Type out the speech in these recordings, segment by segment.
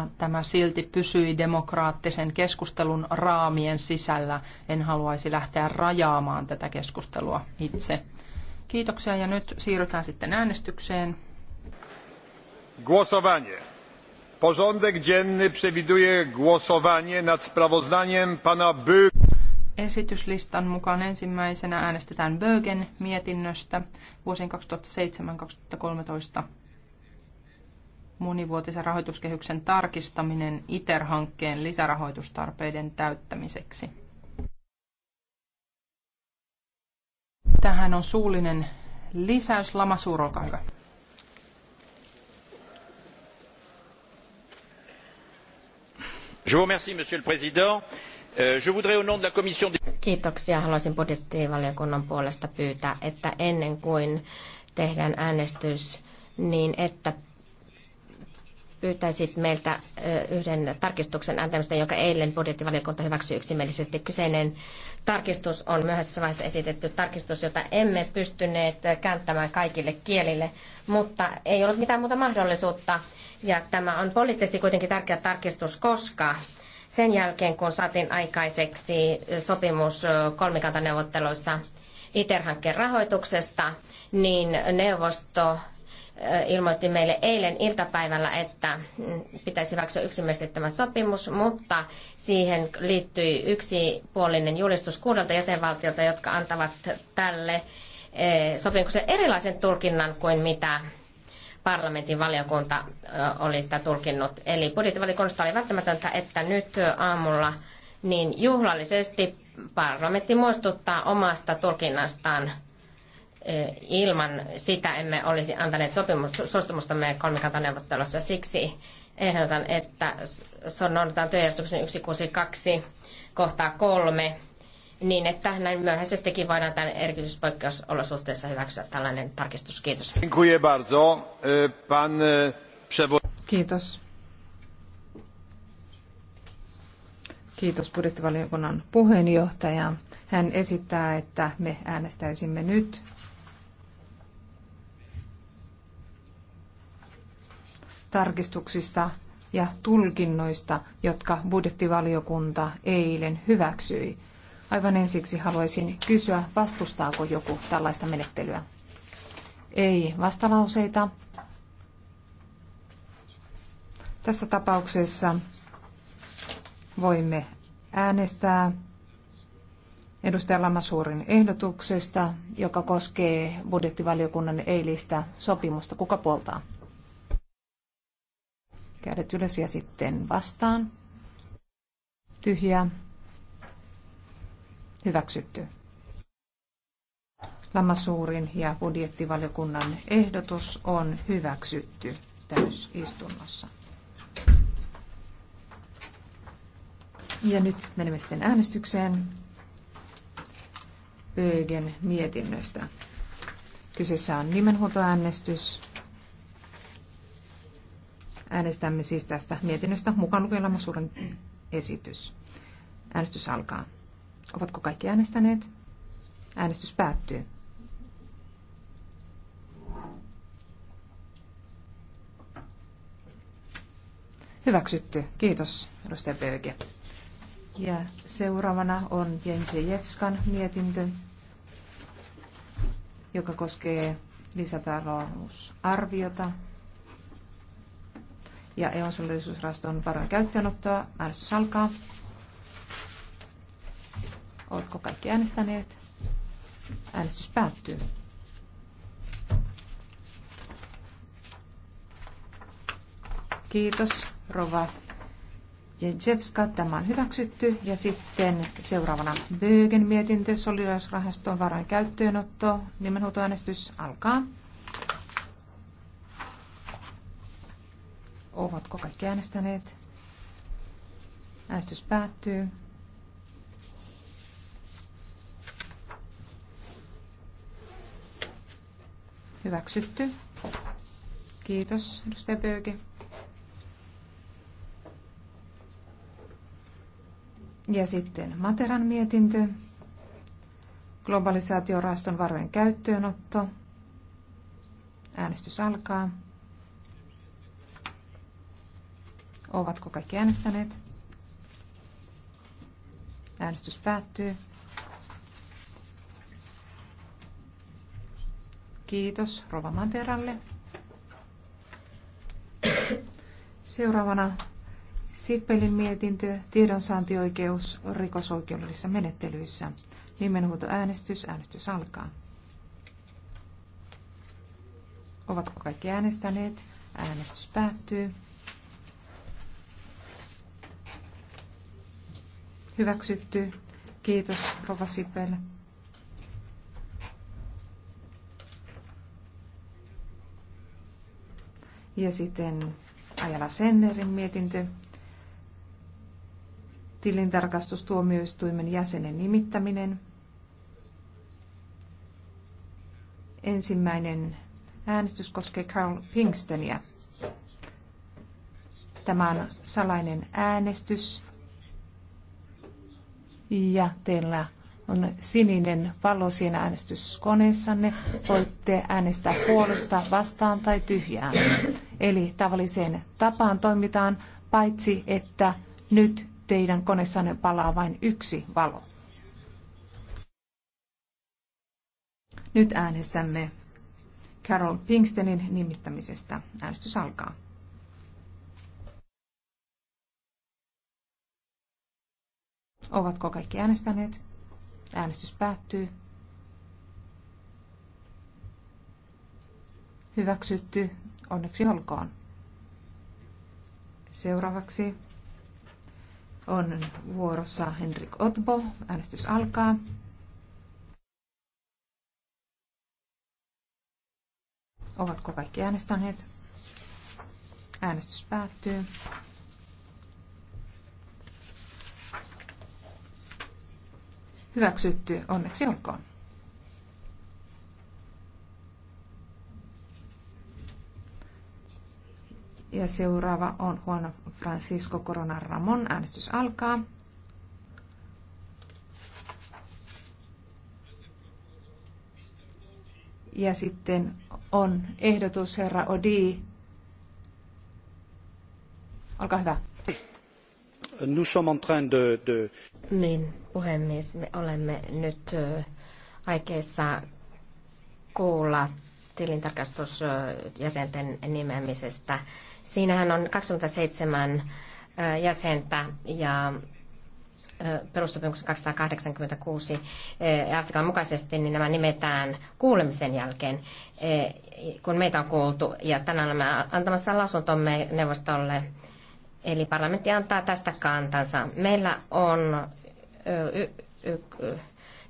mutta tämä silti pysyi demokraattisen keskustelun raamien sisällä. En haluaisi lähteä rajaamaan tätä keskustelua itse. Kiitoksia ja nyt siirrytään sitten äänestykseen. Głosowanie. Porządek dzienny przewiduje głosowanie nad sprawozdaniem pana By. Esityslistan mukaan ensimmäisenä äänestetään Bögen mietinnöstä vuosien 2007-2013 monivuotisen rahoituskehyksen tarkistaminen ITER-hankkeen lisärahoitustarpeiden täyttämiseksi. Tähän on suullinen lisäys. Lamasuur, olkaa hyvä. Je vous remercie, Monsieur le Président. Euh, je voudrais au nom de la Commission des... Kiitoksia. Haluaisin budjettivaliokunnan puolesta pyytää, että ennen kuin tehdään äänestys, niin että pyytäisit meiltä yhden tarkistuksen antamista, joka eilen budjettivaliokunta hyväksyi yksimielisesti. Kyseinen tarkistus on myöhäisessä vaiheessa esitetty tarkistus, jota emme pystyneet kääntämään kaikille kielille, mutta ei ollut mitään muuta mahdollisuutta. Ja tämä on poliittisesti kuitenkin tärkeä tarkistus, koska sen jälkeen, kun saatiin aikaiseksi sopimus kolmikantaneuvotteluissa ITER-hankkeen rahoituksesta, niin neuvosto ilmoitti meille eilen iltapäivällä, että mm, pitäisi hyväksyä yksimielisesti tämä sopimus, mutta siihen liittyi yksipuolinen julistus kuudelta jäsenvaltiolta, jotka antavat tälle sopimukselle erilaisen tulkinnan kuin mitä parlamentin valiokunta oli sitä tulkinnut. Eli budjettivalikunnasta oli välttämätöntä, että nyt aamulla niin juhlallisesti parlamentti muistuttaa omasta tulkinnastaan Ilman sitä emme olisi antaneet sopimusta suostumustamme kolmikantaneuvottelussa. Siksi ehdotan, että noudatetaan työjärjestyksen 162 kohtaa kolme, niin että näin myöhäisestikin voidaan tämän erityispoikkeusolosuhteessa hyväksyä tällainen tarkistus. Kiitos. E, e, Kiitos. Kiitos budjettivaliokunnan puheenjohtaja. Hän esittää, että me äänestäisimme nyt tarkistuksista ja tulkinnoista, jotka budjettivaliokunta eilen hyväksyi. Aivan ensiksi haluaisin kysyä, vastustaako joku tällaista menettelyä? Ei vastalauseita. Tässä tapauksessa voimme äänestää edustaja Lamasuurin ehdotuksesta, joka koskee budjettivaliokunnan eilistä sopimusta. Kuka puoltaa? Kädet ylös ja sitten vastaan. tyhjä Hyväksytty. Lammasuurin ja budjettivaliokunnan ehdotus on hyväksytty täysistunnossa. Ja nyt menemme sitten äänestykseen Bögen mietinnöstä. Kyseessä on nimenhuoltoäänestys. Äänestämme siis tästä mietinnöstä mukaan lukien lamasuuden esitys. Äänestys alkaa. Ovatko kaikki äänestäneet? Äänestys päättyy. Hyväksytty. Kiitos, edustaja Pöyke. Ja seuraavana on Jevskan mietintö, joka koskee lisätalousarviota ja EUn solidarisuusrahaston varojen käyttöönottoa. Äänestys alkaa. Oletko kaikki äänestäneet? Äänestys päättyy. Kiitos, Rova Jejevska. Tämä on hyväksytty. Ja sitten seuraavana Bögen mietintö, solidaisuusrahaston varojen käyttöönotto. Nimenhuutoäänestys alkaa. Ovatko kaikki äänestäneet? Äänestys päättyy. Hyväksytty. Kiitos, edustaja Böge. Ja sitten Materan mietintö. Globalisaatiorahaston varojen käyttöönotto. Äänestys alkaa. Ovatko kaikki äänestäneet? Äänestys päättyy. Kiitos Rova Materalle. Seuraavana Sippelin mietintö, tiedonsaantioikeus rikosoikeudellisissa menettelyissä. äänestys äänestys alkaa. Ovatko kaikki äänestäneet? Äänestys päättyy. Hyväksytty. Kiitos, Rova Sipelä. Ja sitten Ajala Sennerin mietintö. Tilintarkastustuomioistuimen jäsenen nimittäminen. Ensimmäinen äänestys koskee Carl Pinkstonia. Tämä on salainen äänestys ja teillä on sininen valo siinä äänestyskoneessanne. Voitte äänestää puolesta, vastaan tai tyhjää. Eli tavalliseen tapaan toimitaan, paitsi että nyt teidän koneessanne palaa vain yksi valo. Nyt äänestämme Carol Pinkstenin nimittämisestä. Äänestys alkaa. Ovatko kaikki äänestäneet? Äänestys päättyy. Hyväksytty. Onneksi olkoon. Seuraavaksi on vuorossa Henrik Otbo. Äänestys alkaa. Ovatko kaikki äänestäneet? Äänestys päättyy. Hyväksytty. Onneksi olkoon. Ja seuraava on Juan Francisco Corona Ramon. Äänestys alkaa. Ja sitten on ehdotus herra Odi. Olkaa hyvä nous sommes en train de, de... Niin, puhemies, me olemme nyt aikeissa kuulla tilintarkastusjäsenten nimeämisestä. Siinähän on 27 jäsentä ja perussopimuksen 286 artiklan mukaisesti, niin nämä nimetään kuulemisen jälkeen, kun meitä on kuultu. Ja tänään olemme antamassa lausuntomme neuvostolle Eli parlamentti antaa tästä kantansa. Meillä on y- y- y-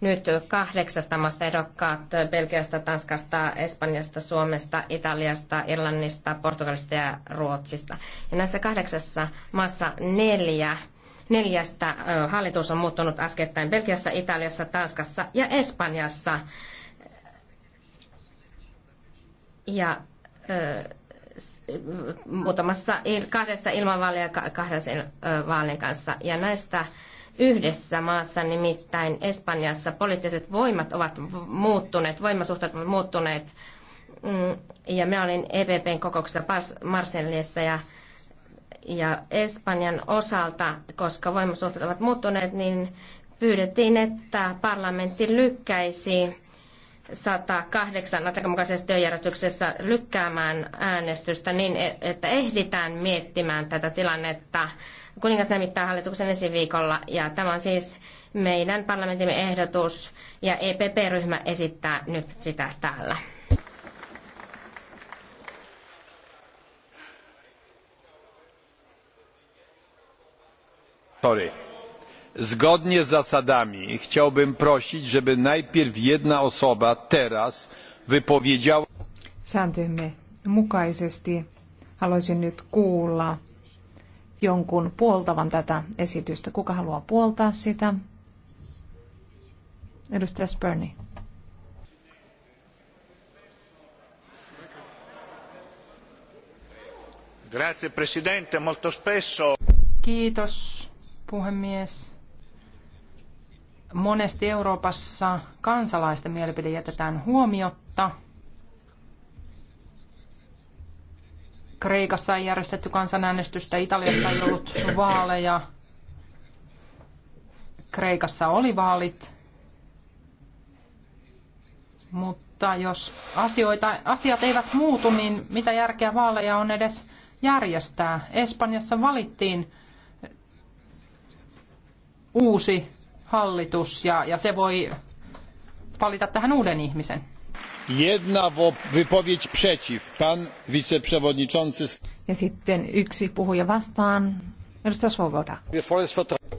nyt kahdeksasta maasta edokkaat Belgiasta, Tanskasta, Espanjasta, Suomesta, Italiasta, Irlannista, Portugalista ja Ruotsista. Ja näissä kahdeksassa maassa neljä, neljästä hallitus on muuttunut äskettäin Belgiassa, Italiassa, Tanskassa ja Espanjassa. Ja ö, muutamassa kahdessa ilmavaalia kahdessa vaalien kanssa. Ja näistä yhdessä maassa, nimittäin Espanjassa, poliittiset voimat ovat muuttuneet, voimasuhteet ovat muuttuneet. Mm, ja minä olin EPPn kokouksessa Marsellissa ja, ja Espanjan osalta, koska voimasuhteet ovat muuttuneet, niin pyydettiin, että parlamentti lykkäisi 108 artiklan mukaisessa työjärjestyksessä lykkäämään äänestystä niin, e- että ehditään miettimään tätä tilannetta. Kuningas nimittää hallituksen ensi viikolla ja tämä on siis meidän parlamentimme ehdotus ja EPP-ryhmä esittää nyt sitä täällä. Sorry zgodnie z zasadami chciałbym prosić żeby najpierw jedna osoba teraz wypowiedziała sääntöjemme mukaisesti haluaisin nyt kuulla jonkun puoltavan tätä esitystä. Kuka haluaa puoltaa sitä? Edustaja Spurni. Grazie presidente, molto spesso. Kiitos puhemies. Monesti Euroopassa kansalaisten mielipide jätetään huomiotta. Kreikassa ei järjestetty kansanäänestystä, Italiassa ei ollut vaaleja. Kreikassa oli vaalit. Mutta jos asioita, asiat eivät muutu, niin mitä järkeä vaaleja on edes järjestää? Espanjassa valittiin uusi hallitus ja, ja se voi valita tähän uuden ihmisen. Jedna wypowiedź przeciw. Pan wiceprzewodniczący... Ja sitten yksi puhuja vastaan. Edustaja Svoboda.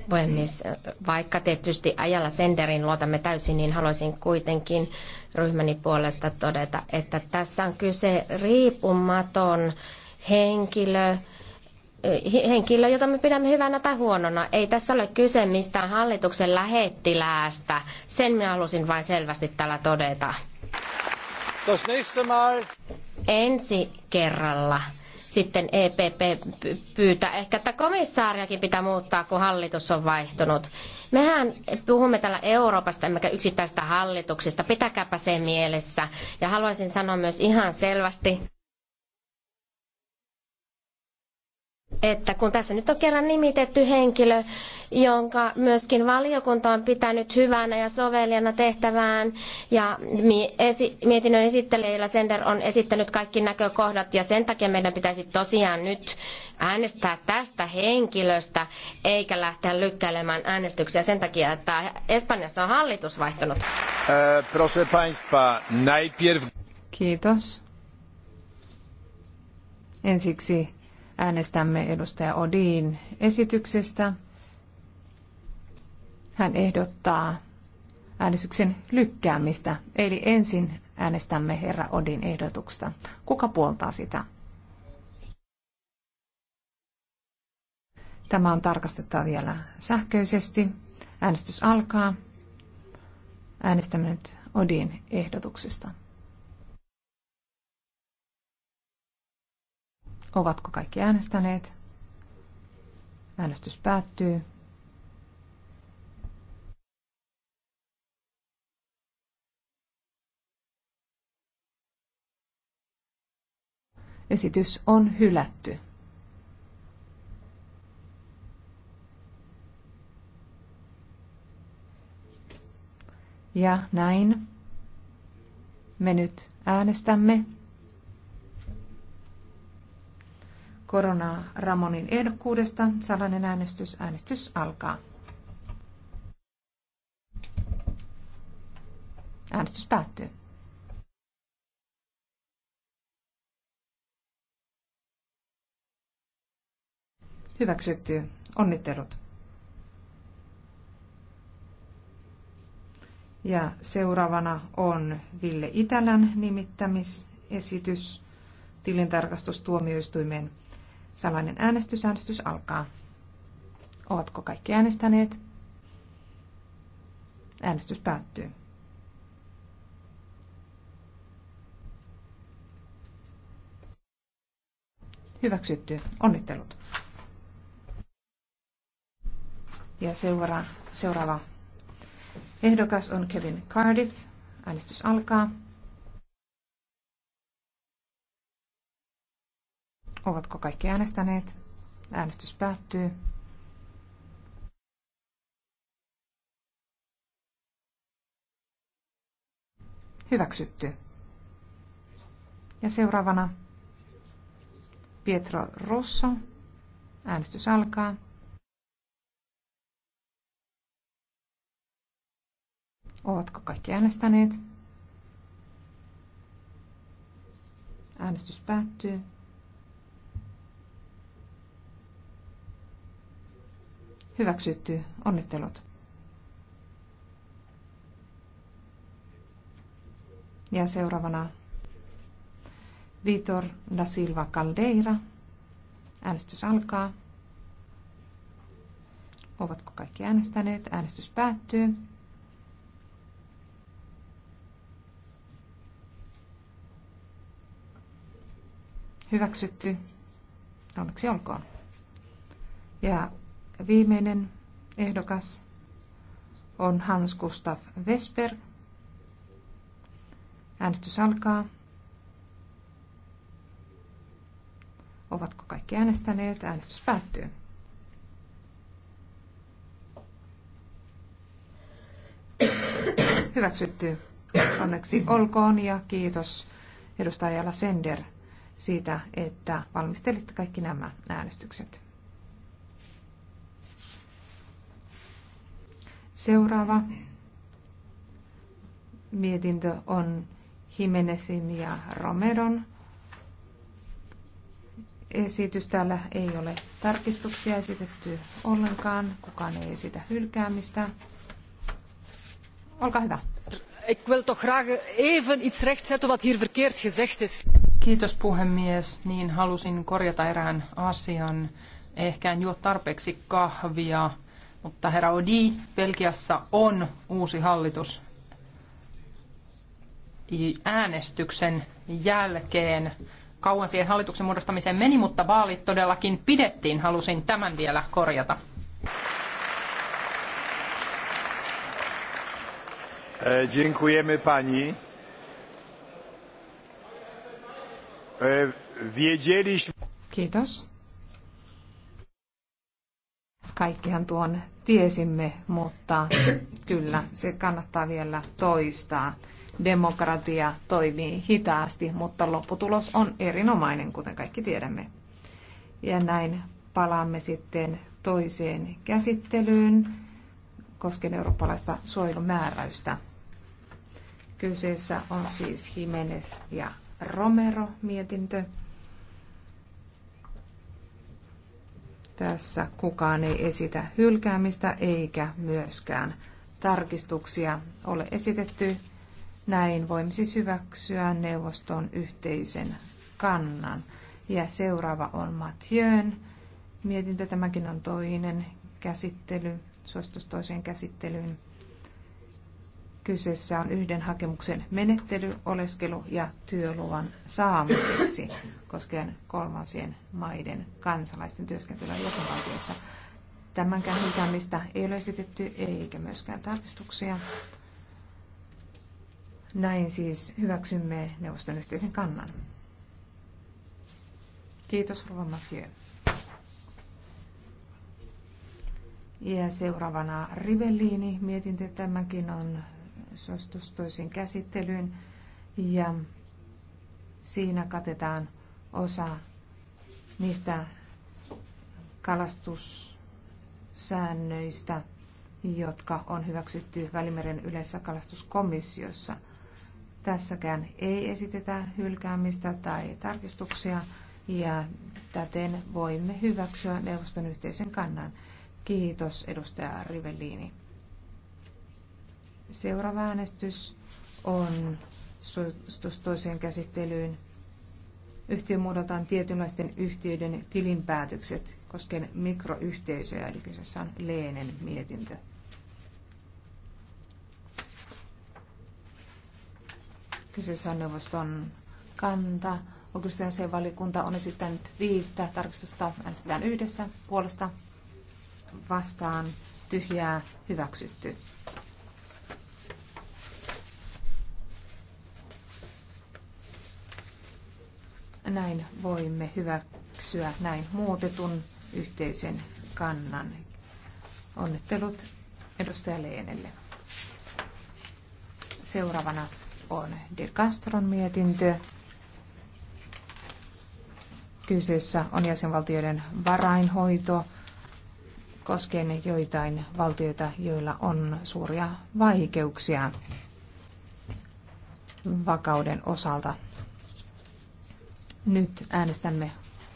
Puhemies, vaikka tietysti ajalla senderin luotamme täysin, niin haluaisin kuitenkin ryhmäni puolesta todeta, että tässä on kyse riippumaton henkilö, henkilö, jota me pidämme hyvänä tai huonona. Ei tässä ole kyse mistään hallituksen lähettiläästä. Sen minä halusin vain selvästi täällä todeta. Ensi kerralla sitten EPP pyytää ehkä, että komissaariakin pitää muuttaa, kun hallitus on vaihtunut. Mehän puhumme täällä Euroopasta, emmekä yksittäistä hallituksista. Pitäkääpä se mielessä. Ja haluaisin sanoa myös ihan selvästi, että kun tässä nyt on kerran nimitetty henkilö, jonka myöskin valiokunta on pitänyt hyvänä ja sovelijana tehtävään, ja mietinnön esittelijällä Sender on esittänyt kaikki näkökohdat, ja sen takia meidän pitäisi tosiaan nyt äänestää tästä henkilöstä, eikä lähteä lykkäilemään äänestyksiä sen takia, että Espanjassa on hallitus vaihtunut. Kiitos. Ensiksi äänestämme edustaja Odin esityksestä. Hän ehdottaa äänestyksen lykkäämistä, eli ensin äänestämme herra Odin ehdotuksesta. Kuka puoltaa sitä? Tämä on tarkastettava vielä sähköisesti. Äänestys alkaa. Äänestämme nyt Odin ehdotuksesta. Ovatko kaikki äänestäneet? Äänestys päättyy. Esitys on hylätty. Ja näin me nyt äänestämme Korona Ramonin ehdokkuudesta. Salainen äänestys. Äänestys alkaa. Äänestys päättyy. Hyväksytty. Onnittelut. Ja seuraavana on Ville Itälän nimittämisesitys tilintarkastustuomioistuimen. Salainen äänestys. Äänestys alkaa. Ovatko kaikki äänestäneet? Äänestys päättyy. Hyväksytty. Onnittelut. Ja seura, seuraava ehdokas on Kevin Cardiff. Äänestys alkaa. Ovatko kaikki äänestäneet? Äänestys päättyy. Hyväksytty. Ja seuraavana Pietro Rosso. Äänestys alkaa. Ovatko kaikki äänestäneet? Äänestys päättyy. Hyväksytty. Onnittelut. Ja seuraavana Vitor da Silva Caldeira. Äänestys alkaa. Ovatko kaikki äänestäneet? Äänestys päättyy. Hyväksytty. Onneksi olkoon. Ja Viimeinen ehdokas on Hans Gustav Vesper. Äänestys alkaa. Ovatko kaikki äänestäneet? Äänestys päättyy. Hyväksytty. Onneksi olkoon ja kiitos edustajalla Sender siitä, että valmistelitte kaikki nämä äänestykset. Seuraava mietintö on Jimenezin ja Romeron esitys. Täällä ei ole tarkistuksia esitetty ollenkaan. Kukaan ei esitä hylkäämistä. Olkaa hyvä. Ik wil toch graag even iets rechtzetten wat hier verkeerd gezegd is. Kiitos puhemies. Niin halusin korjata erään asian. Ehkä en juo tarpeeksi kahvia. Mutta herra Odi, Belgiassa on uusi hallitus. Äänestyksen jälkeen kauan siihen hallituksen muodostamiseen meni, mutta vaalit todellakin pidettiin. Halusin tämän vielä korjata. E, dziękujemy pani. E, wiedzieliśmy. Kiitos. Kaikkihan tuon tiesimme, mutta kyllä se kannattaa vielä toistaa. Demokratia toimii hitaasti, mutta lopputulos on erinomainen, kuten kaikki tiedämme. Ja näin palaamme sitten toiseen käsittelyyn koskien eurooppalaista suojelumääräystä. Kyseessä on siis Jimenez ja Romero mietintö. Tässä kukaan ei esitä hylkäämistä eikä myöskään tarkistuksia ole esitetty. Näin voimme siis hyväksyä neuvoston yhteisen kannan. Ja seuraava on Mathieu'n mietintö. Tämäkin on toinen käsittely, suositus toiseen käsittelyyn. Kyseessä on yhden hakemuksen menettely, oleskelu ja työluvan saamiseksi koskien kolmansien maiden kansalaisten työskentelyä jäsenvaltiossa. Tämänkään hylkäämistä ei ole esitetty eikä myöskään tarkistuksia. Näin siis hyväksymme neuvoston yhteisen kannan. Kiitos, Rova Mathieu. Ja seuraavana Rivellini mietintö tämäkin on suostus toisen käsittelyyn ja siinä katetaan osa niistä kalastussäännöistä, jotka on hyväksytty Välimeren yleisessä kalastuskomissiossa. Tässäkään ei esitetä hylkäämistä tai tarkistuksia ja täten voimme hyväksyä neuvoston yhteisen kannan. Kiitos edustaja Rivellini. Seuraava äänestys on suositus toiseen käsittelyyn muodotaan tietynlaisten yhtiöiden tilinpäätökset koskien mikroyhteisöjä, eli kyseessä on Leenen mietintö. Kyseessä on neuvoston kanta. Oikeusten valikunta on esittänyt viittä tarkistusta. Äänestetään yhdessä puolesta vastaan tyhjää hyväksytty. Näin voimme hyväksyä näin muutetun yhteisen kannan. Onnittelut edustaja Leenelle. Seuraavana on De Castron mietintö. Kyseessä on jäsenvaltioiden varainhoito koskien joitain valtioita, joilla on suuria vaikeuksia vakauden osalta nyt äänestämme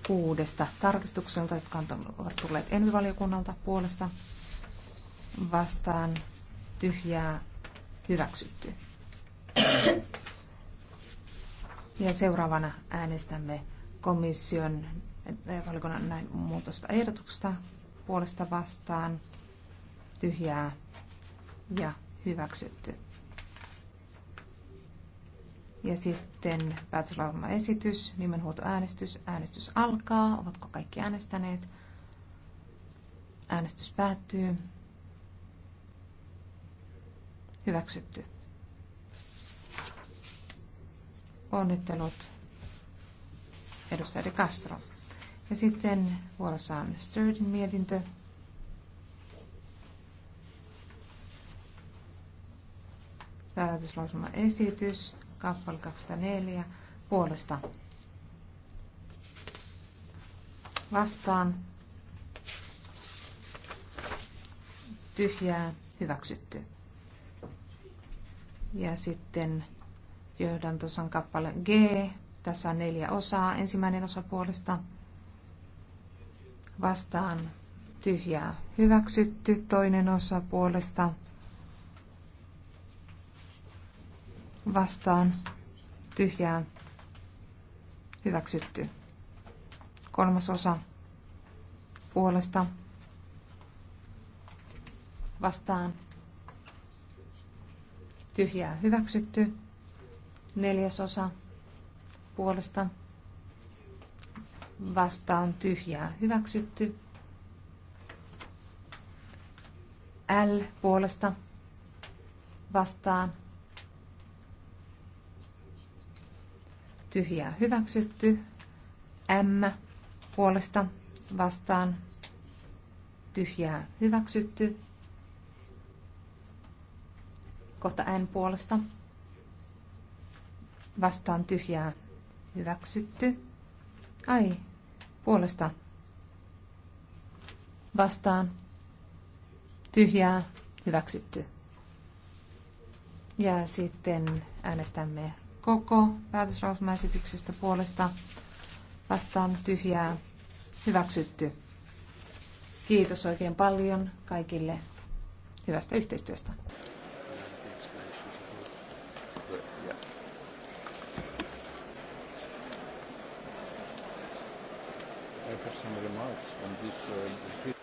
kuudesta tarkistukselta, jotka ovat tulleet envivaliokunnalta puolesta vastaan tyhjää hyväksytty. Ja seuraavana äänestämme komission eh, valiokunnan näin muutosta ehdotuksesta puolesta vastaan tyhjää ja hyväksytty. Ja sitten esitys nimenhuoltoäänestys. Äänestys alkaa. Ovatko kaikki äänestäneet? Äänestys päättyy. Hyväksytty. Onnittelut edustaja De Castro. Ja sitten vuorossa on Sturdin mietintö. Päätöslausuma esitys kappale 24 puolesta vastaan tyhjää hyväksytty. Ja sitten johdantosan kappale G. Tässä on neljä osaa. Ensimmäinen osa puolesta vastaan tyhjää hyväksytty. Toinen osa puolesta vastaan tyhjää hyväksytty. Kolmas osa puolesta vastaan tyhjää hyväksytty. Neljäs osa puolesta vastaan tyhjää hyväksytty. L puolesta vastaan tyhjää hyväksytty. M puolesta vastaan tyhjää hyväksytty. Kohta N puolesta vastaan tyhjää hyväksytty. Ai, puolesta vastaan tyhjää hyväksytty. Ja sitten äänestämme koko päätöslauselmaesityksestä puolesta vastaan tyhjää hyväksytty. Kiitos oikein paljon kaikille hyvästä yhteistyöstä. I have some remarks on this. Uh,